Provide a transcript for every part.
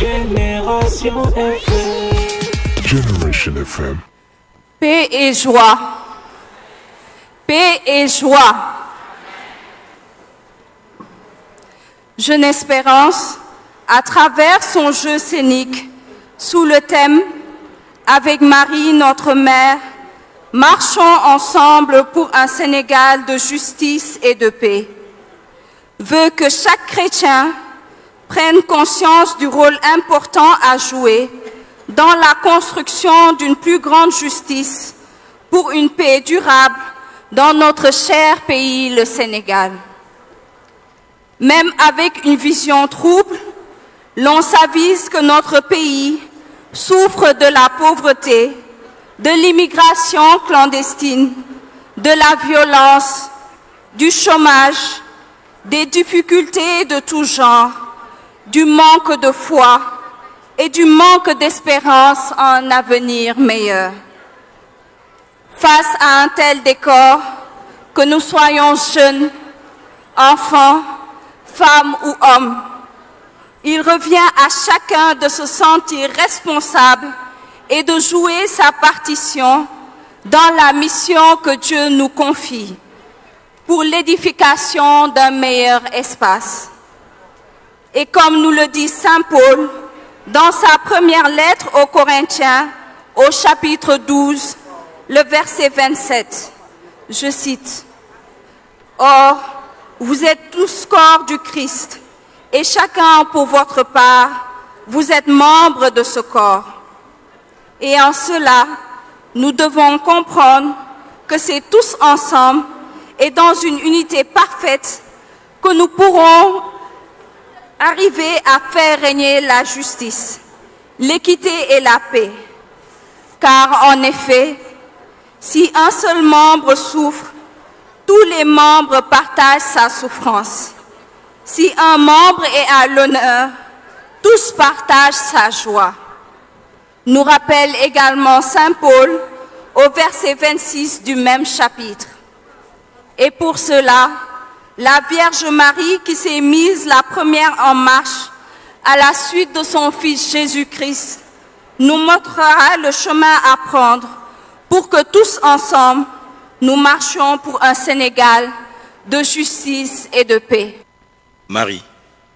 Génération FM. Génération FM. Paix et joie. Paix et joie. Jeune Espérance, à travers son jeu scénique, sous le thème Avec Marie, notre mère, marchons ensemble pour un Sénégal de justice et de paix, veut que chaque chrétien prennent conscience du rôle important à jouer dans la construction d'une plus grande justice pour une paix durable dans notre cher pays, le Sénégal. Même avec une vision trouble, l'on s'avise que notre pays souffre de la pauvreté, de l'immigration clandestine, de la violence, du chômage, des difficultés de tout genre, du manque de foi et du manque d'espérance en un avenir meilleur. Face à un tel décor, que nous soyons jeunes, enfants, femmes ou hommes, il revient à chacun de se sentir responsable et de jouer sa partition dans la mission que Dieu nous confie pour l'édification d'un meilleur espace. Et comme nous le dit Saint Paul dans sa première lettre aux Corinthiens, au chapitre 12, le verset 27, je cite, Or, vous êtes tous corps du Christ, et chacun pour votre part, vous êtes membre de ce corps. Et en cela, nous devons comprendre que c'est tous ensemble et dans une unité parfaite que nous pourrons Arriver à faire régner la justice, l'équité et la paix. Car en effet, si un seul membre souffre, tous les membres partagent sa souffrance. Si un membre est à l'honneur, tous partagent sa joie. Nous rappelle également Saint Paul au verset 26 du même chapitre. Et pour cela, la Vierge Marie qui s'est mise la première en marche à la suite de son Fils Jésus-Christ, nous montrera le chemin à prendre pour que tous ensemble, nous marchions pour un Sénégal de justice et de paix. Marie,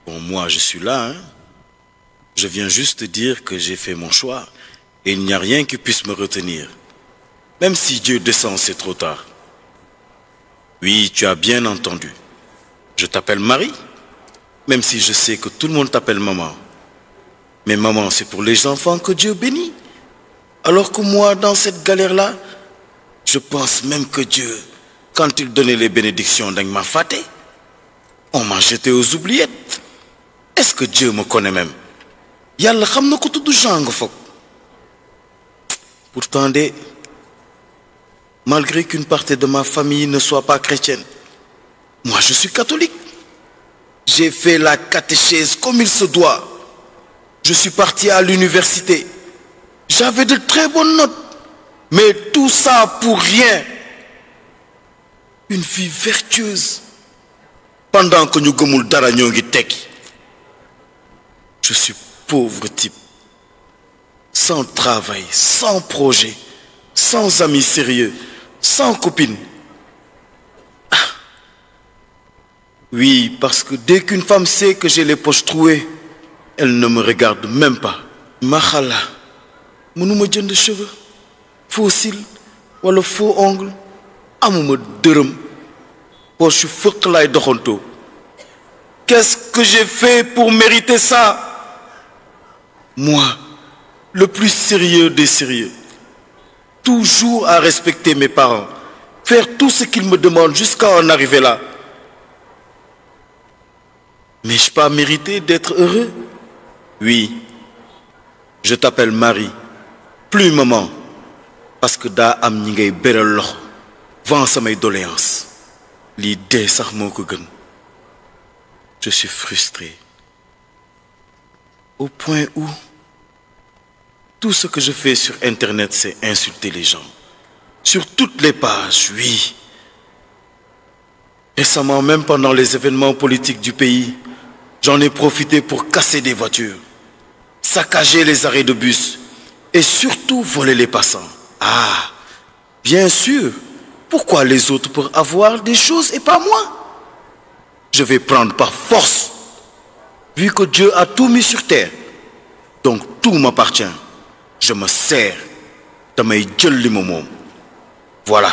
pour moi je suis là, hein. je viens juste dire que j'ai fait mon choix et il n'y a rien qui puisse me retenir, même si Dieu descend, c'est trop tard. Oui, tu as bien entendu. Je t'appelle Marie, même si je sais que tout le monde t'appelle maman. Mais maman, c'est pour les enfants que Dieu bénit. Alors que moi, dans cette galère-là, je pense même que Dieu, quand il donnait les bénédictions d'Angma Faté, on m'a jeté aux oubliettes. Est-ce que Dieu me connaît même Yalla pourtant malgré qu'une partie de ma famille ne soit pas chrétienne moi, je suis catholique. J'ai fait la catéchèse comme il se doit. Je suis parti à l'université. J'avais de très bonnes notes. Mais tout ça pour rien. Une vie vertueuse. Pendant que nous vie, Je suis pauvre type. Sans travail, sans projet, sans amis sérieux, sans copine. Oui, parce que dès qu'une femme sait que j'ai les poches trouées, elle ne me regarde même pas. Mahala, pas de cheveux faux cils ou faux ongles poche Qu'est-ce que j'ai fait pour mériter ça? Moi, le plus sérieux des sérieux, toujours à respecter mes parents, faire tout ce qu'ils me demandent jusqu'à en arriver là. N'ai-je pas mérité d'être heureux Oui, je t'appelle Marie, plus maman, parce que da am ñi ngay beral lox. L'idée samay je suis frustré au point où tout ce que je fais sur Internet, c'est insulter les gens. Sur toutes les pages, oui. Récemment, même pendant les événements politiques du pays, J'en ai profité pour casser des voitures, saccager les arrêts de bus et surtout voler les passants. Ah, bien sûr, pourquoi les autres pour avoir des choses et pas moi Je vais prendre par force, vu que Dieu a tout mis sur terre. Donc tout m'appartient. Je me sers de mes moments. Voilà.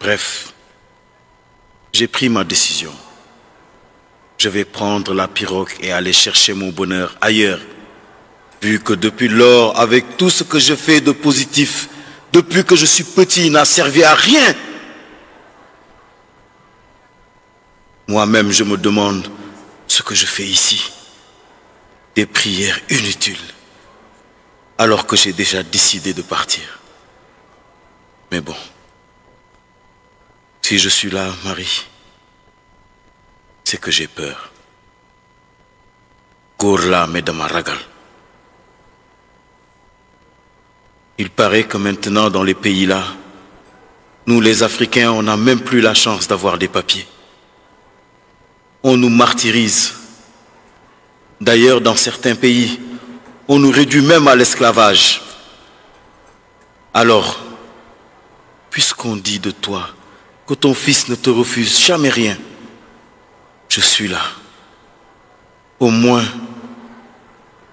Bref, j'ai pris ma décision je vais prendre la pirogue et aller chercher mon bonheur ailleurs. Vu que depuis lors, avec tout ce que je fais de positif, depuis que je suis petit, il n'a servi à rien. Moi-même, je me demande ce que je fais ici. Des prières inutiles, alors que j'ai déjà décidé de partir. Mais bon, si je suis là, Marie, c'est que j'ai peur. Gourla, Il paraît que maintenant dans les pays là, nous les Africains, on n'a même plus la chance d'avoir des papiers. On nous martyrise. D'ailleurs, dans certains pays, on nous réduit même à l'esclavage. Alors, puisqu'on dit de toi que ton fils ne te refuse jamais rien, je suis là. Au moins,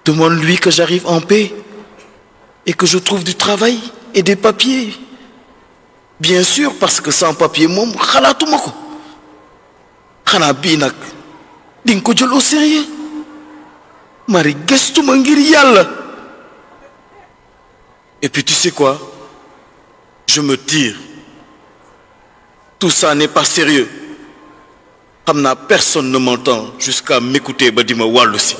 demande-lui que j'arrive en paix et que je trouve du travail et des papiers. Bien sûr, parce que sans papier, moi, kana de au sérieux. Et puis tu sais quoi Je me tire. Tout ça n'est pas sérieux personne ne m'entend jusqu'à m'écouter ba di aussi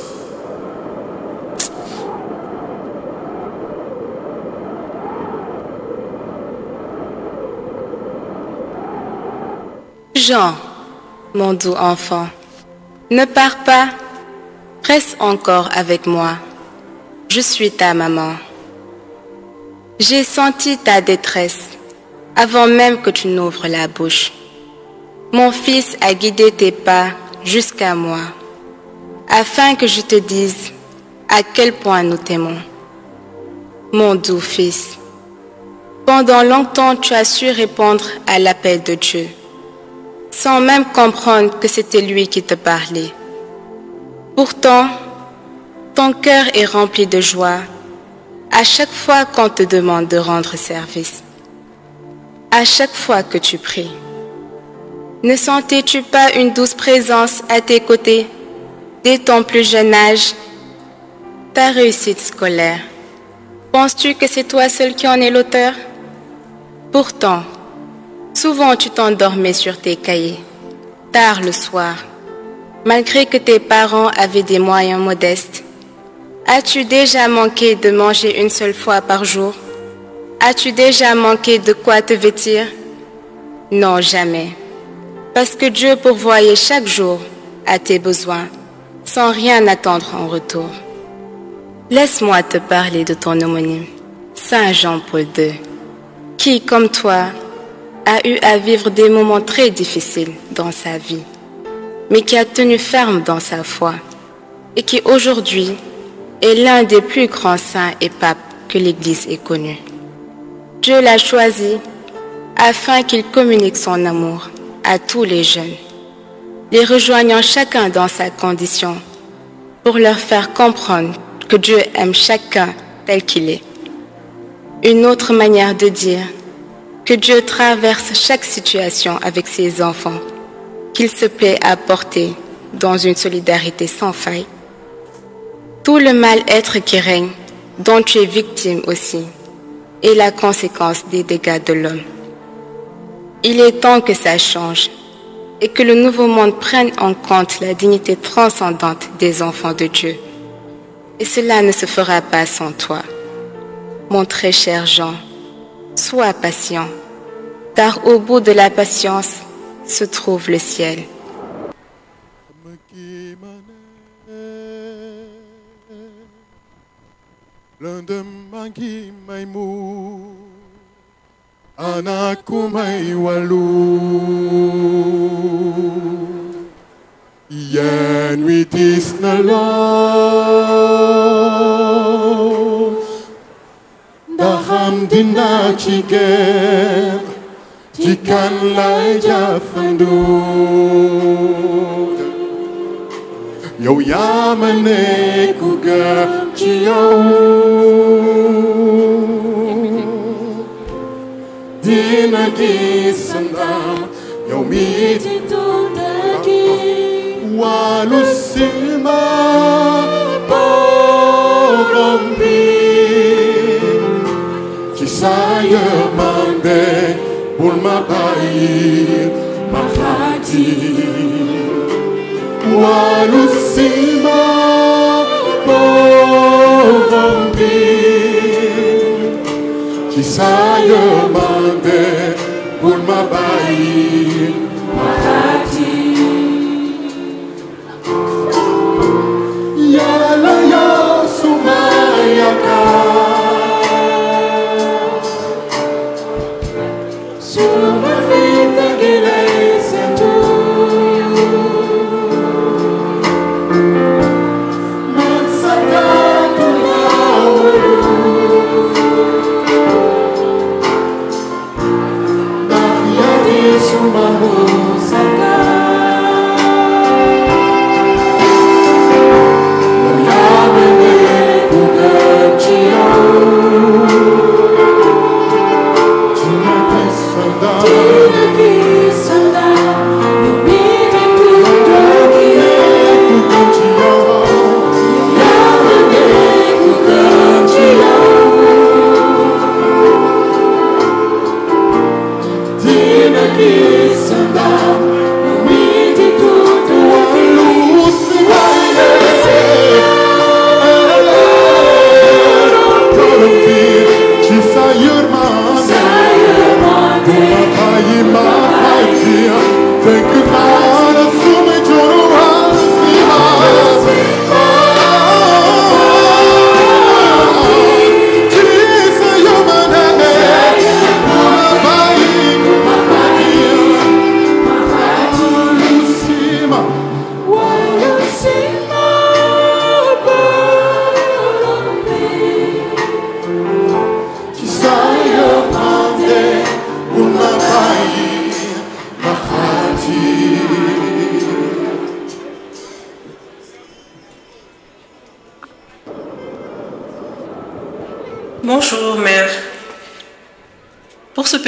Jean, mon doux enfant, ne pars pas, reste encore avec moi. Je suis ta maman. J'ai senti ta détresse avant même que tu n'ouvres la bouche. Mon fils a guidé tes pas jusqu'à moi, afin que je te dise à quel point nous t'aimons. Mon doux fils, pendant longtemps tu as su répondre à l'appel de Dieu, sans même comprendre que c'était lui qui te parlait. Pourtant, ton cœur est rempli de joie à chaque fois qu'on te demande de rendre service, à chaque fois que tu pries. Ne sentais-tu pas une douce présence à tes côtés dès ton plus jeune âge Ta réussite scolaire, penses-tu que c'est toi seul qui en es l'auteur Pourtant, souvent tu t'endormais sur tes cahiers, tard le soir, malgré que tes parents avaient des moyens modestes. As-tu déjà manqué de manger une seule fois par jour As-tu déjà manqué de quoi te vêtir Non, jamais parce que Dieu pourvoyait chaque jour à tes besoins sans rien attendre en retour. Laisse-moi te parler de ton homonyme, Saint Jean-Paul II, qui, comme toi, a eu à vivre des moments très difficiles dans sa vie, mais qui a tenu ferme dans sa foi et qui aujourd'hui est l'un des plus grands saints et papes que l'Église ait connus. Dieu l'a choisi afin qu'il communique son amour à tous les jeunes, les rejoignant chacun dans sa condition, pour leur faire comprendre que Dieu aime chacun tel qu'il est. Une autre manière de dire que Dieu traverse chaque situation avec ses enfants, qu'il se plaît à porter dans une solidarité sans faille. Tout le mal-être qui règne, dont tu es victime aussi, est la conséquence des dégâts de l'homme. Il est temps que ça change et que le nouveau monde prenne en compte la dignité transcendante des enfants de Dieu. Et cela ne se fera pas sans toi. Mon très cher Jean, sois patient, car au bout de la patience se trouve le ciel. anakumai walu. Yan witis lo. Daham dina chiger, chikan lai Yo yamane kuga chiyo. دينك سندا يومي تندك والسما Borombi Kisaya mande Bulmabai Mahati Walusima Borombi saillement pour ma baille.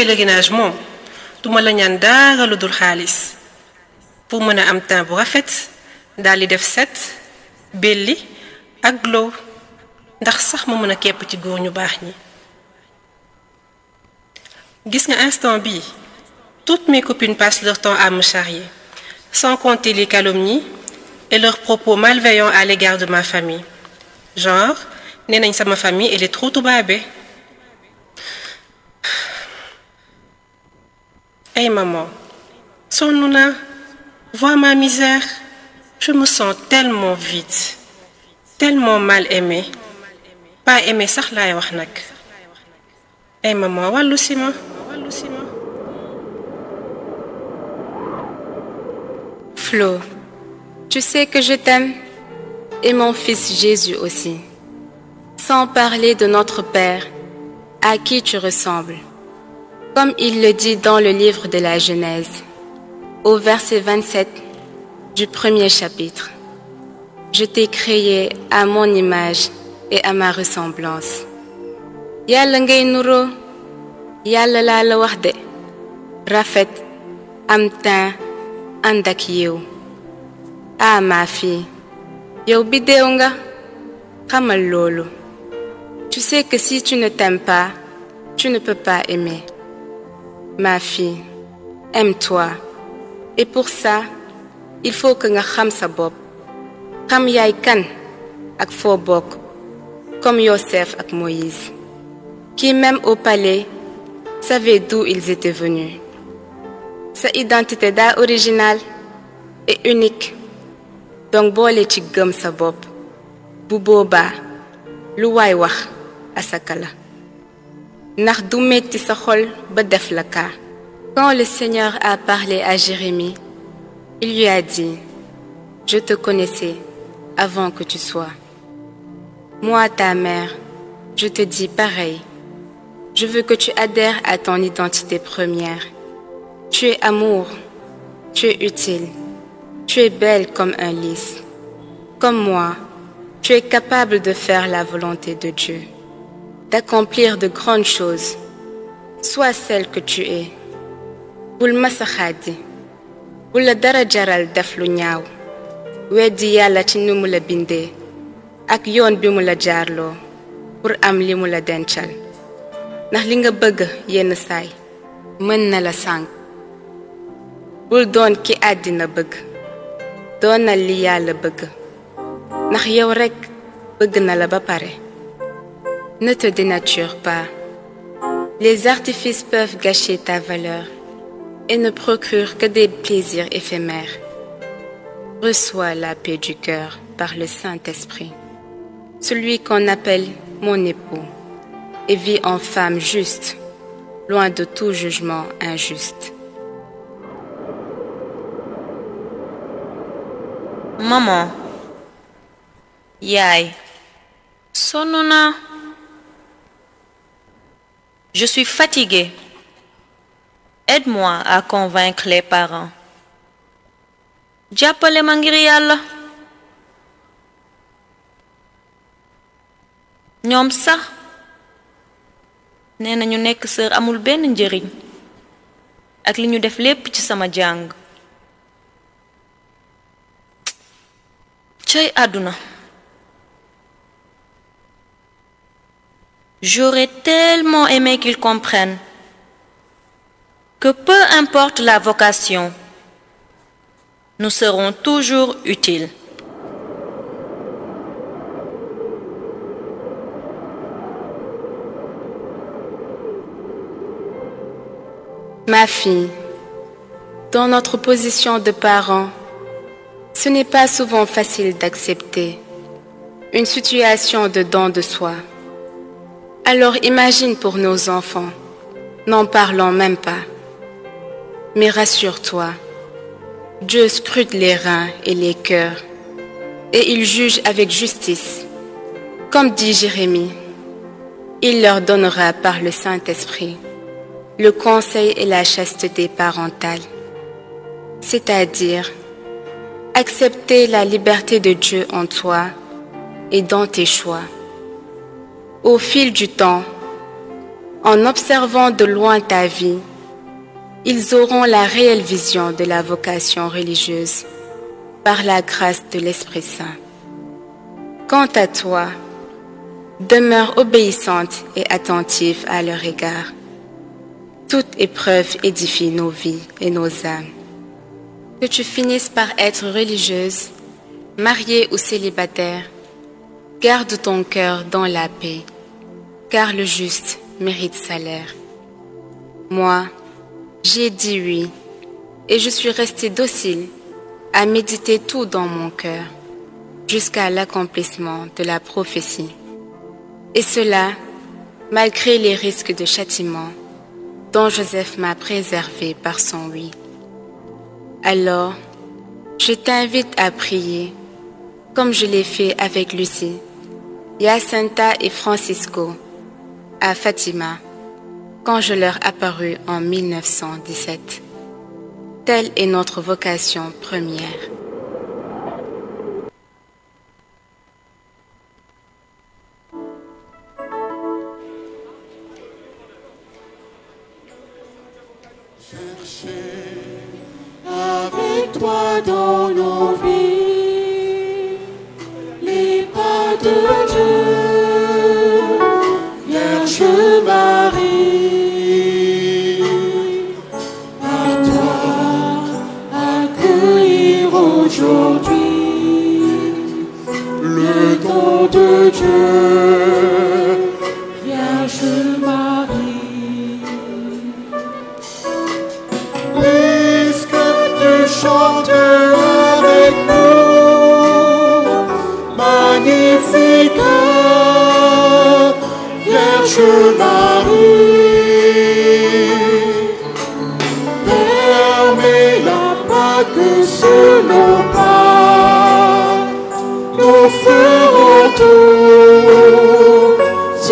Le moom duma la ñaan pour mën a am temps bu rafet daal def set belli ak glow ndax sax ma mën a ci góor ñu instant toutes mes copines passent leur temps à me charrier sans compter les calomnies et leurs propos malveillants à l'égard de ma famille genre nee sama famille elle est trop tubaabe. Hey maman, sonna là vois ma misère je me sens tellement vide tellement mal aimée pas aimée ça y va Eh Hey maman walou Flo, tu sais que je t'aime et mon fils Jésus aussi. Sans parler de notre Père, à qui tu ressembles. Comme il le dit dans le livre de la Genèse, au verset 27 du premier chapitre, Je t'ai créé à mon image et à ma ressemblance. rafet tu sais que si tu ne t'aimes pas tu ne peux pas aimer ma fille aime-toi et pour ça il faut que nga xam sa nous xam yaay kan ak fo comme Yosef ak Moïse qui même au palais savait d'où ils étaient venus sa identité d'art originale et unique donc le ci gëm sa même bu lu quand le Seigneur a parlé à Jérémie il lui a dit je te connaissais avant que tu sois moi ta mère je te dis pareil je veux que tu adhères à ton identité première tu es amour tu es utile tu es belle comme un lys comme moi tu es capable de faire la volonté de Dieu d'accomplir de grandes choses. Sois celle que tu es. Bulmasahadi. masakhadi, xaaddi dara jaral def lu ñaaw weddi yàlla binde, la ak yoon bi mu pour am li mu la dencal na la bul don ki adina bëgg na li le bëgg yow na ba ne te dénature pas. Les artifices peuvent gâcher ta valeur et ne procurent que des plaisirs éphémères. Reçois la paix du cœur par le Saint-Esprit, celui qu'on appelle mon époux, et vis en femme juste, loin de tout jugement injuste. Maman, Yai, Sonona. Je suis fatiguée. Aide-moi à convaincre les parents. Diapole mangiri Nyom ça. sax a na ñu nekk sœur amul ben Aduna. ak li def ci sama J'aurais tellement aimé qu'ils comprennent que peu importe la vocation, nous serons toujours utiles. Ma fille, dans notre position de parents, ce n'est pas souvent facile d'accepter une situation de don de soi. Alors imagine pour nos enfants, n'en parlons même pas. Mais rassure-toi, Dieu scrute les reins et les cœurs, et il juge avec justice. Comme dit Jérémie, il leur donnera par le Saint-Esprit le conseil et la chasteté parentale, c'est-à-dire accepter la liberté de Dieu en toi et dans tes choix au fil du temps, en observant de loin ta vie, ils auront la réelle vision de la vocation religieuse par la grâce de l'Esprit Saint. Quant à toi, demeure obéissante et attentive à leur égard. Toute épreuve édifie nos vies et nos âmes. Que tu finisses par être religieuse, mariée ou célibataire, garde ton cœur dans la paix car le juste mérite salaire. Moi, j'ai dit oui, et je suis resté docile à méditer tout dans mon cœur, jusqu'à l'accomplissement de la prophétie. Et cela, malgré les risques de châtiment dont Joseph m'a préservé par son oui. Alors, je t'invite à prier, comme je l'ai fait avec Lucie, Jacinta et Francisco, à Fatima quand je leur apparus en 1917. Telle est notre vocation première.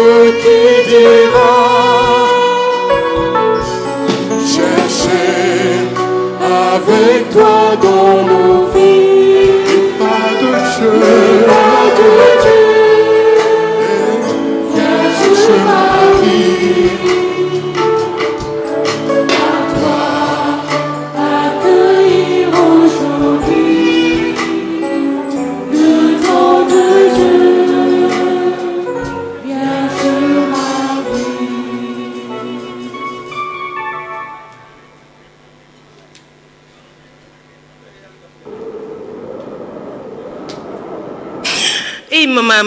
ce qui dira. Cherchez avec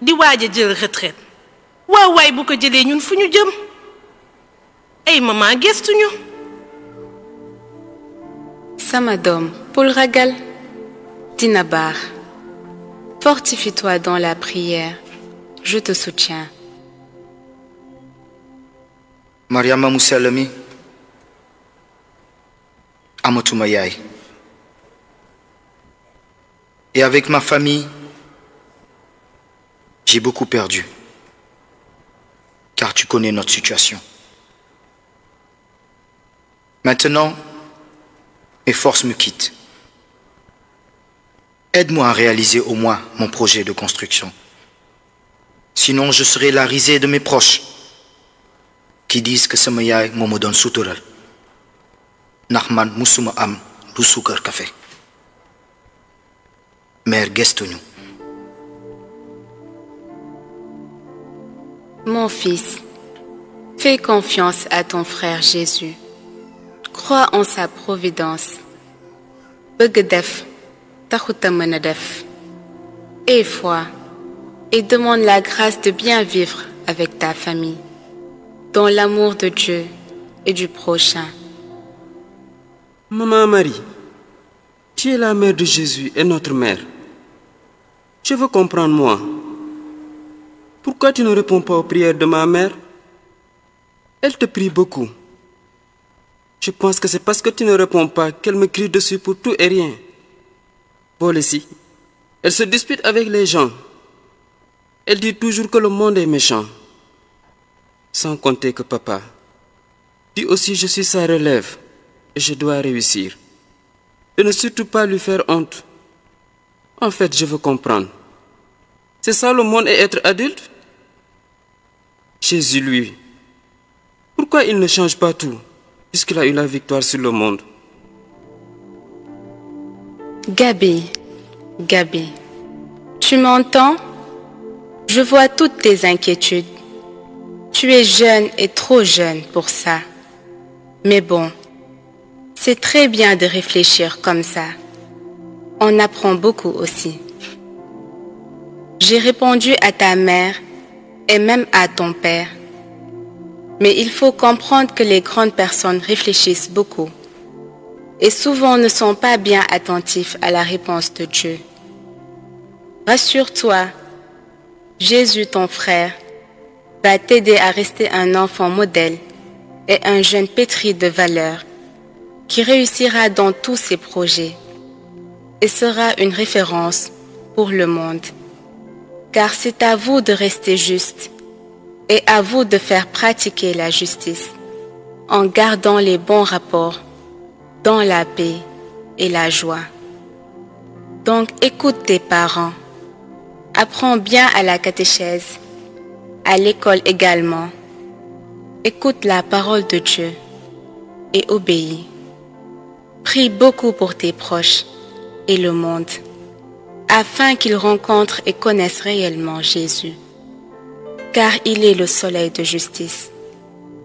di waaj a jël retraite waaw waay bu ko jëlee ñun fu jëm ay maman gestuñu sama doom bul ragal dina fortifie-toi dans la prière je te soutiens Mariama mu et avec ma famille j'ai beaucoup perdu, car tu connais notre situation. Maintenant, mes forces me quittent. Aide-moi à réaliser au moins mon projet de construction. Sinon, je serai la risée de mes proches qui disent que ce yaay moo ma doon musuma am Boussoukar mère gestonou. Mon fils, fais confiance à ton frère Jésus. Crois en sa providence. Et Aie foi et demande la grâce de bien vivre avec ta famille, dans l'amour de Dieu et du prochain. Maman Marie, tu es la mère de Jésus et notre mère. Tu veux comprendre moi. Pourquoi tu ne réponds pas aux prières de ma mère Elle te prie beaucoup. Je pense que c'est parce que tu ne réponds pas qu'elle me crie dessus pour tout et rien. Paul ici, elle se dispute avec les gens. Elle dit toujours que le monde est méchant. Sans compter que papa dit aussi je suis sa relève et je dois réussir. Et ne surtout pas lui faire honte. En fait, je veux comprendre. C'est ça le monde et être adulte Jésus lui, pourquoi il ne change pas tout, puisqu'il a eu la victoire sur le monde Gabi, Gabi, tu m'entends Je vois toutes tes inquiétudes. Tu es jeune et trop jeune pour ça. Mais bon, c'est très bien de réfléchir comme ça. On apprend beaucoup aussi. J'ai répondu à ta mère et même à ton Père. Mais il faut comprendre que les grandes personnes réfléchissent beaucoup et souvent ne sont pas bien attentifs à la réponse de Dieu. Rassure-toi, Jésus ton frère va t'aider à rester un enfant modèle et un jeune pétri de valeur qui réussira dans tous ses projets et sera une référence pour le monde car c'est à vous de rester juste et à vous de faire pratiquer la justice en gardant les bons rapports dans la paix et la joie. Donc écoute tes parents, apprends bien à la catéchèse, à l'école également, écoute la parole de Dieu et obéis. Prie beaucoup pour tes proches et le monde afin qu'ils rencontrent et connaissent réellement Jésus. Car il est le soleil de justice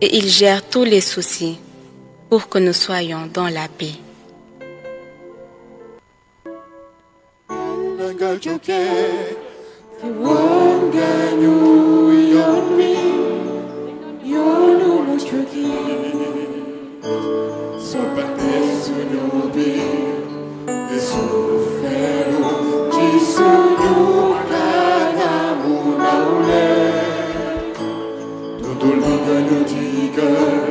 et il gère tous les soucis pour que nous soyons dans la paix. Golgothique.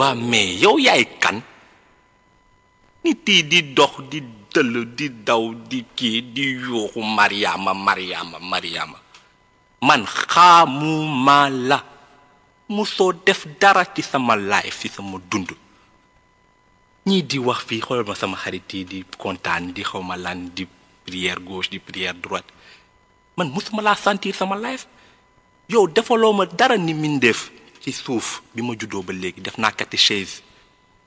wa me yow yaay kan ni ti di dox di dëll di daw di ki di yuuxu mariama mariama mariama man khamu mala muso def dara ci sama life ci sama dund di wax fi xol ma sama xarit di kontan di xawma lan di prière gauche di prière droite man musuma la sentir sama life yow defaloma dara ni def ci suuf bi ma juddoo ba léegi def naa catéchèse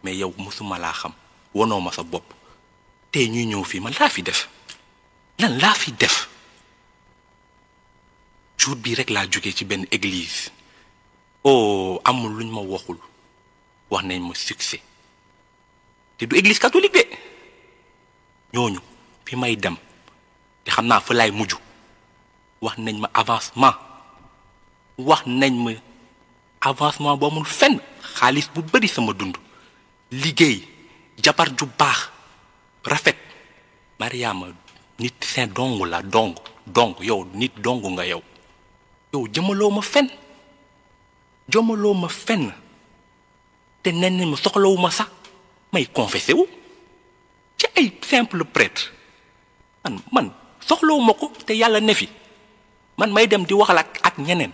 mais yow musuma laa xam wanoo ma sa bopp tey ñuy ñëw fii ma laa fi def lan laa fi def rek ci église oh amul luñ ma waxul wax ma succès te du église catholique de ñooñu fi may dem te xam fa laay mujj wax ma avancement wax ma avancement bo amul fenn xaalis bu bëri sama dund liggéey jabar ju baax rafet Mariama nit saint dong la dong dong yow nit dong nga yow yow jëmaloo ma fenn jëmaloo ma fenn te nen ma soxlawu ma sax may confessé wu ci ay simple prêtre man man soxlawu ma ko te yàlla ne fi man may dem di waxal ak ak ñeneen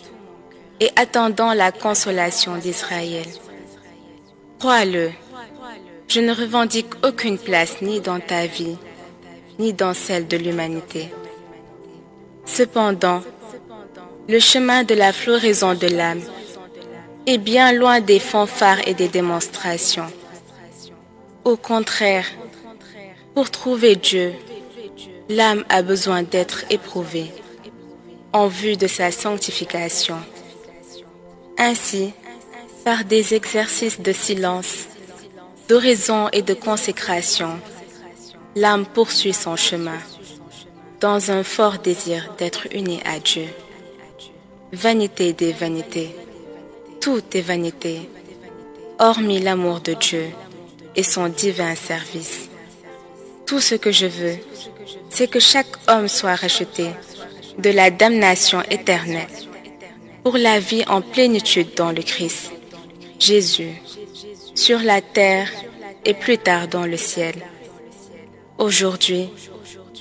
et attendant la consolation d'Israël. Crois-le, je ne revendique aucune place ni dans ta vie, ni dans celle de l'humanité. Cependant, le chemin de la floraison de l'âme est bien loin des fanfares et des démonstrations. Au contraire, pour trouver Dieu, l'âme a besoin d'être éprouvée en vue de sa sanctification. Ainsi, par des exercices de silence, d'oraison et de consécration, l'âme poursuit son chemin dans un fort désir d'être unie à Dieu. Vanité des vanités, tout est vanité, hormis l'amour de Dieu et son divin service. Tout ce que je veux, c'est que chaque homme soit racheté de la damnation éternelle pour la vie en plénitude dans le Christ, Jésus, sur la terre et plus tard dans le ciel. Aujourd'hui,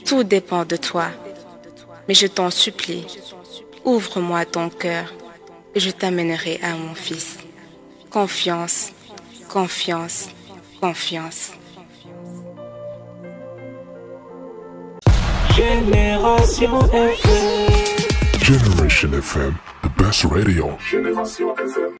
tout dépend de toi, mais je t'en supplie, ouvre-moi ton cœur et je t'amènerai à mon Fils. Confiance, confiance, confiance. Génération FM. FM. The best radio. Génération FM.